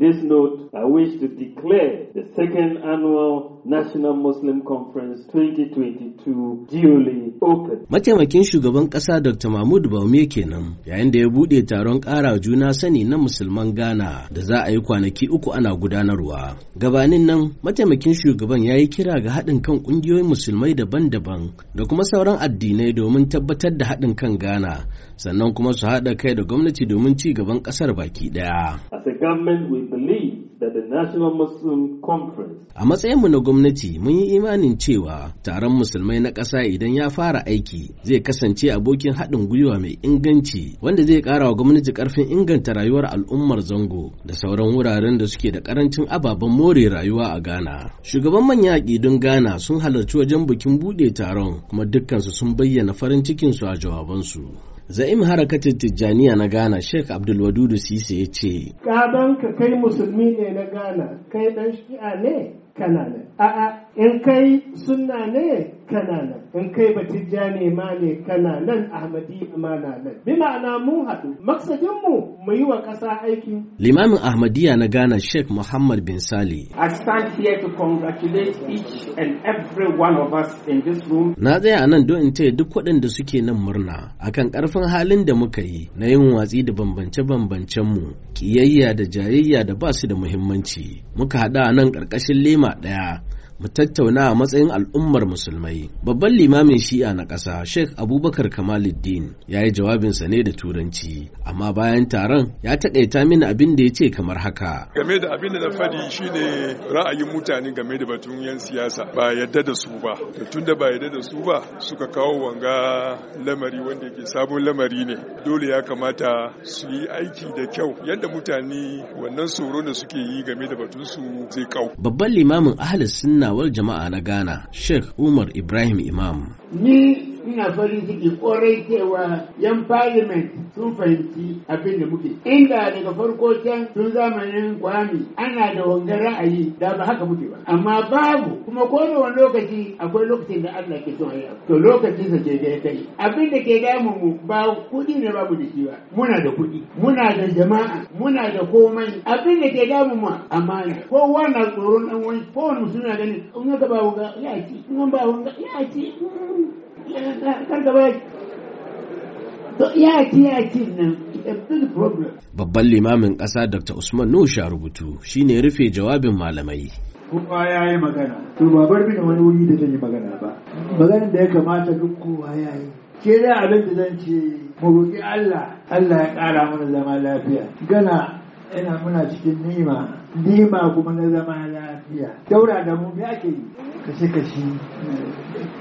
On this note, I wish to declare the second annual National Muslim Conference 2022 duly Mataimakin shugaban ƙasa Dr. Mahmud Baume kenan yayin da ya buɗe taron ƙara juna sani na musulman Ghana da za a yi kwanaki uku ana gudanarwa. Gabanin nan mataimakin shugaban ya yi kira ga haɗin kan ƙungiyoyin musulmai daban-daban da kuma sauran addinai domin tabbatar da haɗin kan Ghana sannan kuma su haɗa kai da gwamnati domin ci gaban ƙasar baki ɗaya. a government we believe a the National Muslim Conference. A matsayinmu na gwamnati mun yi imanin cewa taron musulmai na ƙasa idan ya fara aiki zai kasance abokin haɗin gwiwa mai inganci wanda zai ƙara wa gwamnati ƙarfin inganta rayuwar al'ummar zango da sauran wuraren da suke da ƙarancin ababen more rayuwa a Ghana. Shugaban manya aƙidun Ghana sun halarci wajen bikin buɗe taron kuma dukkansu sun bayyana farin cikinsu a jawabansu. Za'im harakatar Tijjaniya na Ghana Sheikh Abdul Wadudu Sise ya ce. ka kai musulmi ne na Ghana, kai ɗan shi'a ne? Kana ne. A'a, in kai suna ne kana in kai batijja ne ma ne kana nan ahmadi ma na nan bi ma'ana mun haɗu maksadin mu mu yi wa ƙasa aiki limamin ahmadiyya na Ghana Sheikh Muhammad bin Sali I stand here to congratulate each and every one of us in this room na tsaya nan don in taya duk waɗanda suke nan murna akan ƙarfin halin da muka yi na yin watsi da bambance-bambancen mu kiyayya da jayayya da ba su da muhimmanci muka haɗa nan ƙarƙashin lema ɗaya mu tattauna a matsayin al'ummar musulmai. Babban limamin shi'a na ƙasa Sheikh Abubakar Kamaluddin ya yi jawabinsa ne da turanci, amma bayan taron ya taƙaita mini abin da ya ce kamar haka. Game da abin da na faɗi shine ra'ayin mutane game da batun 'yan siyasa ba yadda da su ba, da tun da ba yadda da su ba suka kawo wanga lamari wanda ke sabon lamari ne. Dole ya kamata su yi aiki da kyau yadda mutane wannan tsoro da suke yi game da batun su zai kau. Babban limamin ahalin sunna kulawar jama'a na Ghana, Sheikh Umar Ibrahim Imam. Ni ina farin ciki korai cewa yan parliament sun fahimci abin da muke inda daga farko can tun zamanin kwami ana da wangan ra'ayi da ba haka muke ba amma babu kuma ko da wani lokaci akwai lokacin da Allah ke son ya to lokacin sa ke da kai abin da ke damu mu ba kudi ne babu da shi ba muna da kudi muna da jama'a muna da komai abin da ke damu mu amana ko wannan tsoron dan wani ko wani mutum na ganin in ka ba wuga ya ci in ba wuga ya ci Babban limamin ƙasa Dr. Usman sha rubutu shine rufe jawabin malamai. Kowa ya yi magana, to ba bar wani wuri da zan yi magana ba. Maganin da ya kamata duk kowa ya yi. Ke da abin da zan ce mu roƙi Allah, Allah ya ƙara mana zama lafiya. Gana ina muna cikin nima nima kuma na zama lafiya daura da mu me ake yi kashe kashi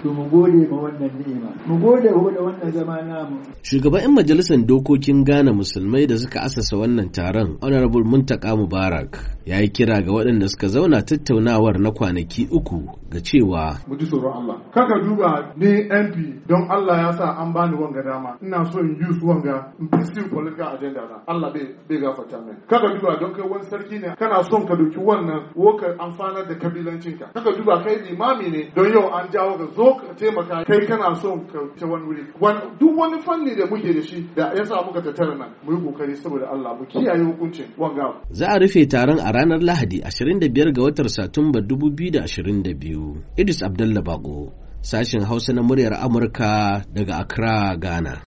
to mu gode ma wannan nima mu gode ko da wannan zama namu shugaban yan majalisar dokokin Ghana musulmai da suka asasa wannan taron honorable Muntaka Mubarak ya yi kira ga waɗanda suka zauna tattaunawar na kwanaki uku ga cewa mu ji tsoron Allah kaka duba ni MP don Allah ya sa an bani wanga dama ina so in use wanga in pursue political agenda na Allah bai bai gafarta min kaka duba don kai wani sarki ne kana kana son ka duki wannan ko ka amfanar da kabilancinka kaka duba kai limami ne don yau an jawo ka zo ka taimaka kai kana son ka ta wani wuri duk wani fanni da muke da shi da ya sa muka tattara nan mu yi kokari saboda Allah mu kiyaye hukuncin wanga za a rufe taron a ranar Lahadi 25 ga watan Satumba 2022 Idris Abdullahi Bago sashin Hausa na muryar Amurka daga Accra Ghana